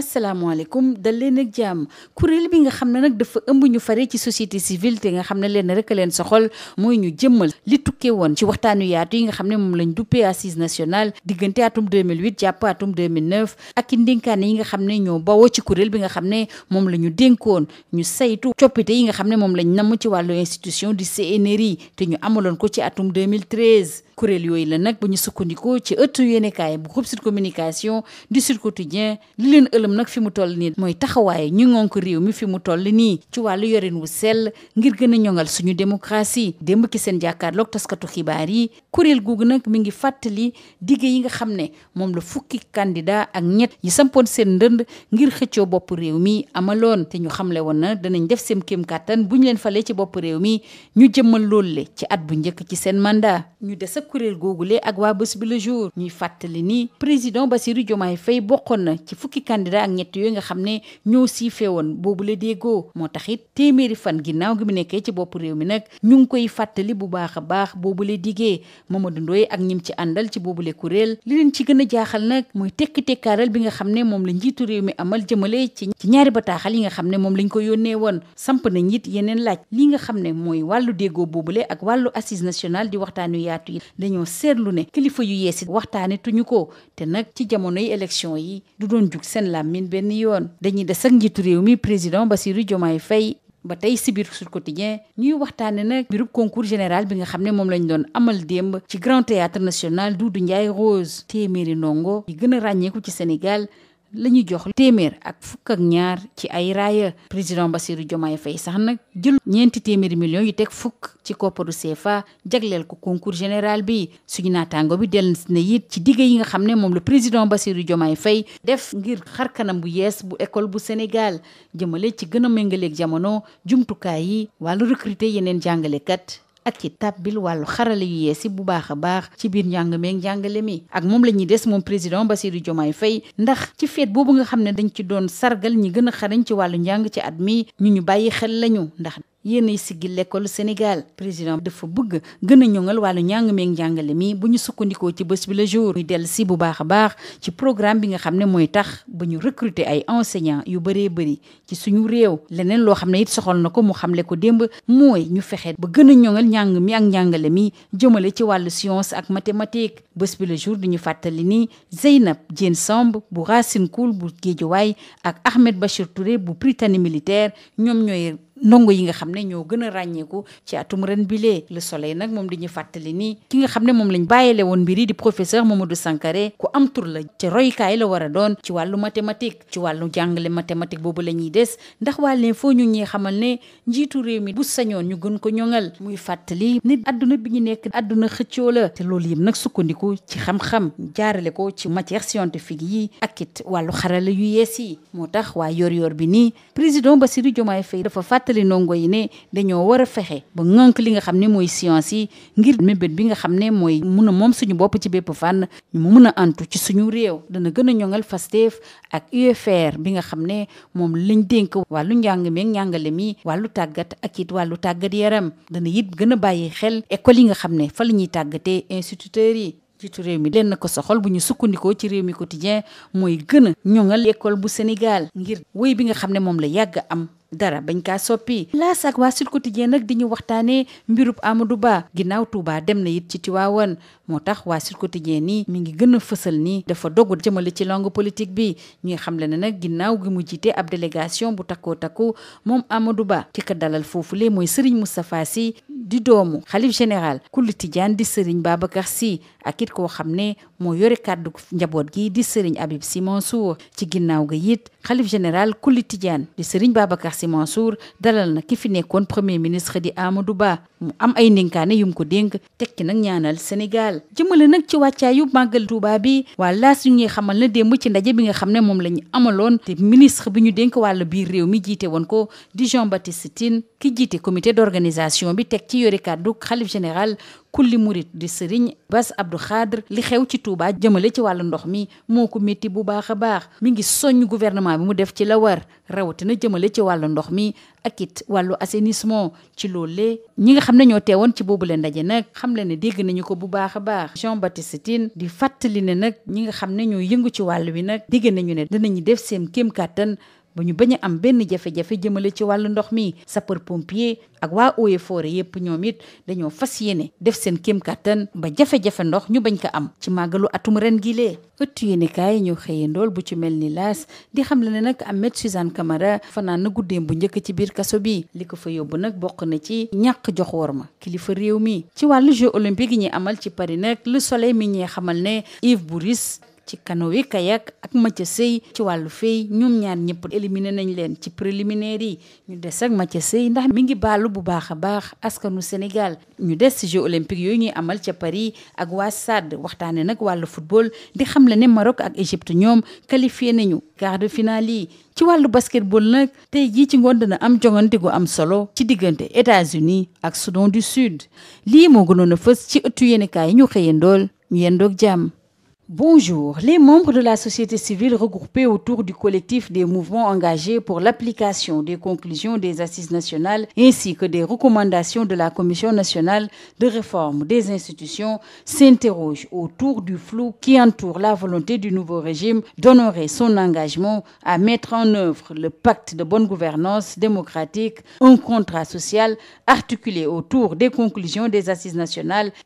asalaamaaleykum dal leen ak jam kuréel bi nga xam ne nag dafa ëmb ñu fare ci société civile te nga xam ne leen rek leen soxal mooy ñu jëmmal li tukkee woon ci waxtaanu yaatu yi nga xam ne moom lañ duppee assise nationale diggante atum 2008 jàpp atum 2009 ak i ndénkaane yi nga xam ne ñoo bawoo ci kuréel bi nga xam ne moom la ñu dénkoon ñu saytu coppite yi nga xam ne moom lañ namm ci wàllu institution du CNRI te ñu amaloon ko ci atum 2013 kuréel yooyu la nag bu ñu sukkandikoo ci ëttu yéenekaay bu groupe Communication du Sud Quotidien li leen ëlëm nag fi mu toll nii mooy taxawaay ñu ngonk réew mi fi mu toll nii ci wàllu yorin wu sell ngir gën a ñoŋal suñu démocratie démb ki seen jàkkaarloog taskatu xibaar yi kuréel googu nag mi ngi fàttali digge yi nga xam ne moom la fukki candidat ak ñett yi sampoon seen ndënd ngir xëccoo bopp réew mi amaloon te ñu xamle woon na danañ def seen kéem kàttan bu ñu leen falee ci bopp réew mi ñu jëmmal loolu le ci at bu njëkk ci seen mandat ñu des kuréel lee ak waa bés bi le jour ñuy fàttali nii président Bassirou Diomaye Faye bokkoon na ci fukki candidat ak ñett yooyu nga xam ne ñoo siifee woon boobule déggoo moo tax it téeméeri fan ginnaaw gi mu nekkee ci bopp réew mi nag ñu ngi koy fàttali bu baax a baax boobule diggee Mamadou Ndoye ak ñim ci àndal ci boobule kuréel li leen ci gën a jaaxal nag mooy tekki tekkaaral bi nga xam ne moom la njiitu réew mi amal jëmale ci ci ñaari bataaxal yi nga xam ne moom lañ ko yónnee woon samp nañ it yeneen laaj li nga xam ne mooy wàllu boobu boobule ak wàllu assise nationale di waxtaanu yaatu yi dañoo seetlu ne kilifa yu yees yi waxtaane tuñu ko te nag ci yi élection yi du doon jug seen làmmiñ benn yoon dañuy des ak njiitu réew mi président Bassirou Diomaye Faye ba tey si biir Sud Quotidien ñuy waxtaane nag birub concours général bi nga xam ne moom lañ doon amal démb ci Grand Théâtre National du Doudou Ndiaye Rose téeméeri ndongo yi gën a ràññeeku ci Sénégal la ñu jox téeméer ak fukk ak ñaar ci ay raaya président Bassirou Diomaye Faye sax nag jël ñeenti téeméeri millions yu teg fukk ci kopparu CFA jagleel ko concours général bi suñu naataango bi dellu na it ci digg yi nga xam ne moom le président Bassirou Diomaye Faye def ngir kanam bu yees bu école bu Sénégal jëmale ci gën a méngaleeg jamono jumtukaay yi wàllu recruter yeneen kat ak ci tàbbil wàllu xarala yu yees bu baax a baax ci biir njàng meeg njàngale mi ak moom la ñuy des moom président Bassirou Diomaye fay ndax ci feet boobu nga xam ne dañ ci doon sargal ñi gën a xarañ ci wàllu njàng ci at mii ñu ñu bàyyi xel lañu ndax yéenay siggil l'école Sénégal président dafa bëgg gën a ñoŋal wàllu njàng meeg njàngale mi bu ñu sukkandikoo ci bés bi la jour muy dellu si bu baax a baax ci programme bi nga xam ne mooy tax ba ñu recruter ay enseignants yu bëree bëri ci suñu réew leneen loo xam ne it soxal na ko mu xamle ko démb mooy ñu fexe ba gën a ñoŋal njàng mi ak njàngale mi jëmale ci wàllu science ak mathématique bés bi la jour di ñu fàttali ni Zeynab Diène Samb bu Racine Cool bu Guédiawaye ak Ahmed Bachir Touré bu Prytanée militaire ñoom ñooy ndongo yi nga xam ne ñoo gën a ràññeeku ci atum ren bilee le soleil nag moom dañuy fàttali ki nga xam ne moom lañ bàyyile woon mbiri di professeur Mamadou Sankaré ku am tur la te roykaay la war a doon ci wàllu mathématique ci wàllu jàngale mathématique boobu la ñuy des ndax waa l'info ñu ngi xamal ne njiitu réew mi bu sañoon ñu gën ko ñoŋal muy fàttali ni adduna bi ñu nekk adduna xëccoo la te loolu yëpp nag sukkandiku ci xam-xam jaarale ko ci matière scientifique yi ak it wàllu xarala yu yees yi moo tax waa yor yor bi ni président Bassirou Diomaye Faye dafa fàtt fàttali ndongo yi ne dañoo war a fexe ba ŋànk li nga xam ne mooy science yi ngir mébét bi nga xam ne mooy mun a moom suñu bopp ci bépp fànn ñu mun a antu ci suñu réew dana gën a ñoŋal FASTEF ak UFR bi nga xam ne moom lañ dénk wàllu njàng meeg njàngale mi wàllu tàggat ak it wàllu tàggat yaram dana it gën a bàyyi xel école yi nga xam ne fa la ñuy tàggatee instituteurs yi jiitu réew mi na ko soxal bu ñu sukkandikoo ci réew mi quotidien mooy gën a ñoŋal école bu Sénégal ngir woy bi nga xam ne moom la yàgg am dara bañ kaa soppi laas ak waa Sud Quotidien nag di ñu waxtaanee mbirub Amadou Ba ginnaaw Touba dem na it ci Tiwaawan moo tax waa Sud Quotidien nii mi ngi gën a fësal ni dafa dogu jëmale ci langue politique bi ñuy xamle ne nag ginnaaw gi mu jiite ab délégation bu takkoo takku moom Amadou Ba ki ko dalal foofulee mooy Serigne Moustapha Sy di doomu xalif général kulli tijaan di Serigne Babacar Sy ak it koo xam ne moo yore kàddu njaboot gi di Serigne Habib Sy Mansour ci ginnaaw ga it xalif général kulli di Serigne Babacar Sy Mansour dalal na ki fi nekkoon premier ministre di Amadou Ba mu am ay ndénkaane yum ko dénk tekki nag ñaanal Sénégal jëmale nag ci wàccaayu màggal Touba bi waa laas yu ñuy xamal na démb ci ndaje bi nga xam ne moom la ñu amaloon te ministre bi ñu dénk wàllu biir réew mi jiite woon ko di Jean Baptiste Tine ki jiite comité d'organisation bi teg ci yore kàddu xalif général kulli murit di sëriñ Bass Abdou Khadre li xew ci Touba jëmale ci wàllu ndox mi moo ko métti bu baax a baax mi ngi soññ gouvernement bi mu def ci la war rawatina jëmale ci wàllu ndox mi ak it wàllu assainissement ci loolee ñi nga xam ne ñoo teewoon ci boobu la ndaje nag xam le ne dégg nañu ko bu baax a baax Jean Baptiste Tine di fàttali ne nag ñi nga xam ne ñoo yëngu ci wàll wi nag dégg nañu ne dinañu def seen kéem kàttan ba ñu bañ a am benn jafe-jafe jëmale ci wàllu ndox mi sapeur pompier ak waa eaux et forêt yépp ñoom it dañoo fas yéene def seen kéem kàttan ba jafe-jafe ndox ñu bañ ko am ci màggalu atum ren gi lee ëtt yéenekaay ñu xëyee ndool bu ci mel ni laas di xam le ne nag Ahmed Suzanne Camara fanaan na guddeem bu njëkk ci biir kaso bi li ko fa yóbbu nag bokk na ci ñàkk jox wor ma kilifa réew mi ci wàllu jeux olympiques yi ñuy amal ci Paris nag le soleil mi ñee xamal ne Yves Bouris ci canoë kayak ak Mathia Seye ci wàllu fey ñoom ñaar ñëpp éliminé nañ leen ci préliminaire yi ñu des ak Mathia Seye ndax mi ngi baalu bu baax a baax askanu Sénégal ñu des ci jeux olympiques yooyu ñuy amal ca Paris ak waa SAD waxtaane nag wàllu football di xam le ne Maroc ak Égypte ñoom qualifié nañu quart de finale yi ci wàllu basketball nag tey jii ci ngoon dina am jongante gu am solo ci diggante États-Unis ak Soudan du Sud lii moo gënoon a fës ci ëttu yéenekaay yi ñu xëyandool ñu yendoog jàmm Bonjour. Les membres de la société civile regroupés autour du collectif des mouvements engagés pour l'application des conclusions des assises nationales ainsi que des recommandations de la Commission nationale de réforme des institutions s'interrogent autour du flou qui entoure la volonté du nouveau régime d'honorer son engagement à mettre en œuvre le pacte de bonne gouvernance démocratique, un contrat social articulé autour des conclusions des assises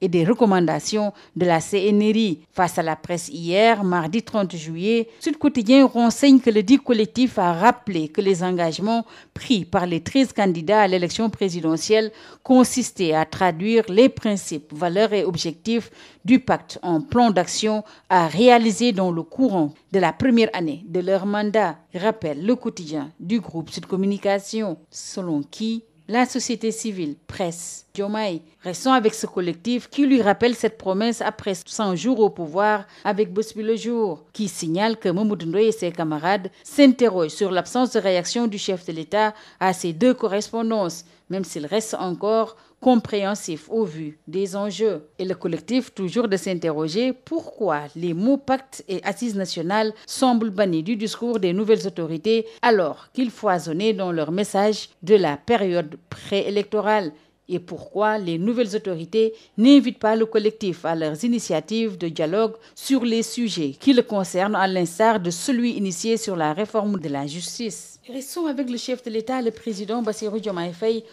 des recommandations de la CNRI face à la presse hier, mardi 30 juillet, Sud Quotidien renseigne que le dit collectif a rappelé que les engagements pris par les 13 candidats à l'élection présidentielle consistaient à traduire les principes, valeurs et objectifs du pacte en plan d'action à réaliser dans le courant de la première année de leur mandat, rappelle le quotidien du groupe Sud Communication, selon qui la société civile, presse, Diomaye, restons avec ce collectif qui lui rappelle cette promesse après cent jours au pouvoir avec Bospi le jour, qui signale que Mamadou Ndoye et ses camarades s'interrogent sur l'absence de réaction du chef de l'État à ces deux correspondances, même s'il reste encore compréhensif au vu des enjeux. Et le collectif toujours de s'interroger pourquoi les mots pacte et assises nationales semblent bannis du discours des nouvelles autorités alors qu'ils foisonnaient dans leur message de la période préélectorale et pourquoi les nouvelles autorités n'invitent pas le collectif à leurs initiatives de dialogue sur les sujets qui le concernent à l'instar de celui initié sur la réforme de la justice. Restons avec le chef de l'État, le président Bassirou Diomaye Faye,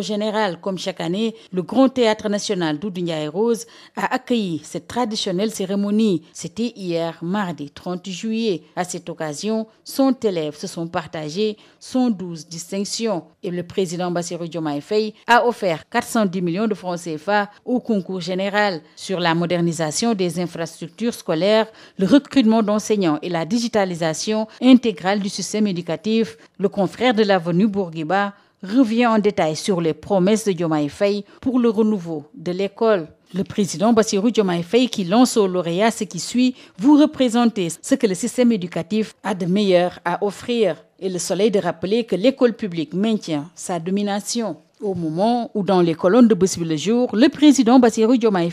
général. Comme chaque année, le Grand national d'Oudou a accueilli cette traditionnelle cérémonie. C'était hier, mardi À cette occasion, 100 élèves se sont partagés 112 distinctions et le président Bassirou Diomaye Faye a offert 410 millions de francs CFA au concours général sur la modernisation des infrastructures scolaires, la digitalisation intégrale du système éducatif, le confrère de l'avenue Bourguiba revient en détail sur les promesses de Diomaye pour le renouveau de l'école. Le président Bassirou Diomaye qui lance au lauréat ce qui suit, vous représentez ce que le système éducatif a de meilleur à offrir et le soleil de rappeler que l'école publique maintient sa domination. Au moment où dans les colonnes de Bossible le jour, le président Bassirou Diomaye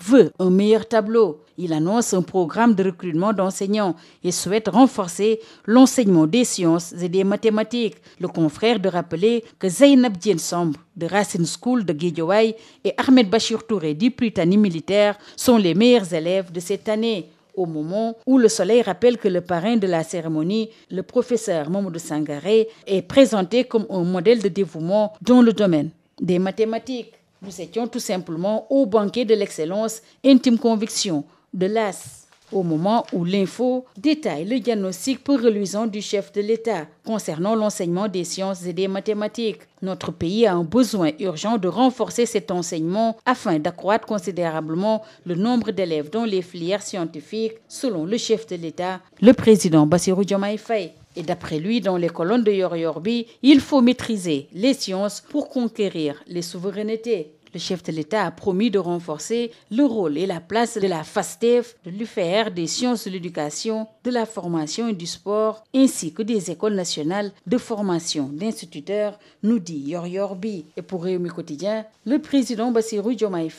veut un meilleur tableau Il annonce un programme de recrutement d'enseignants et souhaite renforcer l'enseignement des sciences et des mathématiques. Le confrère de rappeler que Zainab Diène Samb de Racine School de Guédiawaye et Ahmed Bachir Touré du Prytanée militaire sont les meilleurs élèves de cette année au moment où le soleil rappelle que le parrain de la cérémonie, le professeur de Sangaré, est présenté comme un modèle de dévouement dans le domaine des mathématiques. Nous étions tout simplement au banquet de l'excellence, intime conviction. de l'AS au moment où l'info détaille le diagnostic peu reluisant du chef de l'État concernant l'enseignement des sciences et des mathématiques. Notre pays a un besoin urgent de renforcer cet enseignement afin d'accroître considérablement le nombre d'élèves dans les filières scientifiques, selon le chef de l'État, le président Bassirou Diomaye Faye. Et d'après lui, dans les colonnes de Yor Yorbi, il faut maîtriser les sciences pour conquérir les souverainetés. Le chef de l'État a promis de renforcer le rôle et la place de la FASTEF, de l'UFR, des sciences de l'éducation, de la formation et du sport, ainsi que des écoles nationales de formation d'instituteurs, nous dit Yor Yorbi. Et pour Réumi Quotidien, le président Bassirou Diomaye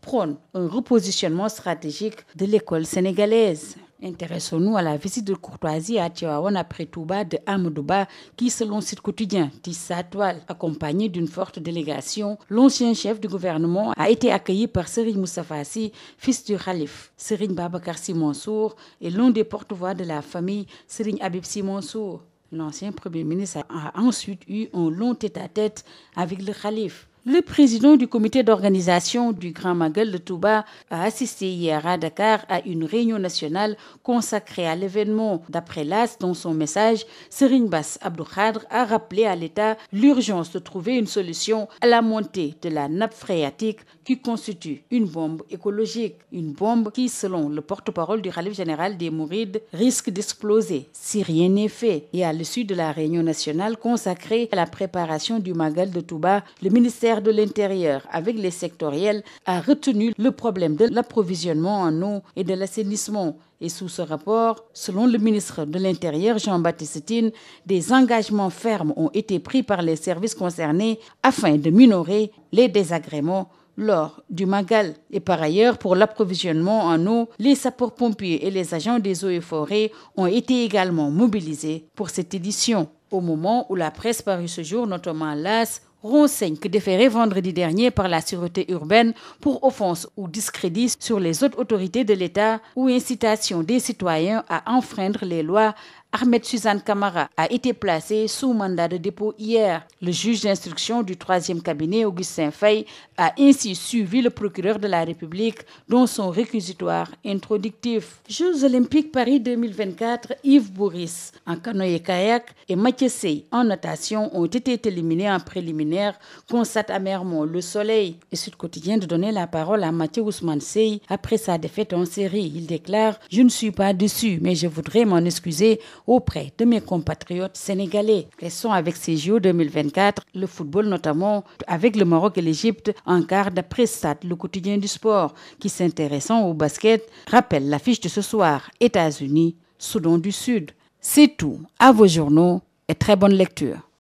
prône un repositionnement stratégique de l'école sénégalaise. Intéressons-nous à la visite de courtoisie à Tiwawan après Touba de Amadouba, qui, selon Site Quotidien, tisse sa toile. Accompagné d'une forte délégation, l'ancien chef du gouvernement a été accueilli par Serine Moussafasi, fils du Khalif. Serine Babakar Simonsour est l'un des porte-voix de la famille Serine Abib Simonsour. L'ancien premier ministre a ensuite eu un long tête à -tête avec le Khalif. Le président du comité d'organisation du Grand Magal de Touba a assisté hier à Dakar à une réunion nationale consacrée à l'événement. D'après l'AS, dans son message, Serigne Bass Abdou Khadr a rappelé à l'État l'urgence de trouver une solution à la montée de la nappe phréatique qui constitue une bombe écologique, une bombe qui, selon le porte-parole du Khalif général des Mourides, risque d'exploser si rien n'est fait. Et à l'issue de la réunion nationale consacrée la préparation du Magal ministère de l'Intérieur, avec les sectoriels, a retenu le problème de l'approvisionnement en eau et de l'assainissement. Et sous ce rapport, selon le ministre de l'Intérieur, Jean-Baptiste Tine, des engagements fermes ont été pris par les services concernés afin de minorer les désagréments lors du Magal. Et par ailleurs, pour l'approvisionnement en eau, les sapeurs-pompiers et les agents des eaux et ont été également mobilisés pour cette édition. Au renseigne que déféré vendredi dernier par la sûreté urbaine pour offense ou discrédit sur les autres autorités de l'État ou incitation des citoyens à enfreindre les lois Ahmed Suzanne Kamara a été placé sous mandat de dépôt hier. Le juge d'instruction du troisième cabinet, Augustin Fay, a ainsi suivi le procureur de la République dans son réquisitoire introductif. Jeux olympiques Paris 2024, Yves Bourris en canoë-kayak et Mathieu Sey en notation ont été éliminés en préliminaire, constate amèrement le soleil. Et Sud Quotidien de donner la parole à Mathieu Ousmane Sey après sa défaite en série. Il déclare « Je ne suis pas déçu, mais je voudrais auprès de mes compatriotes sénégalais. Restons avec ces JO 2024, le football notamment, avec le Maroc et l'Égypte en quart d'après Stade, le quotidien du sport, qui s'intéressant au basket rappelle l'affiche de ce soir États-Unis, Soudan du Sud. C'est tout. À vos journaux et très bonne lecture.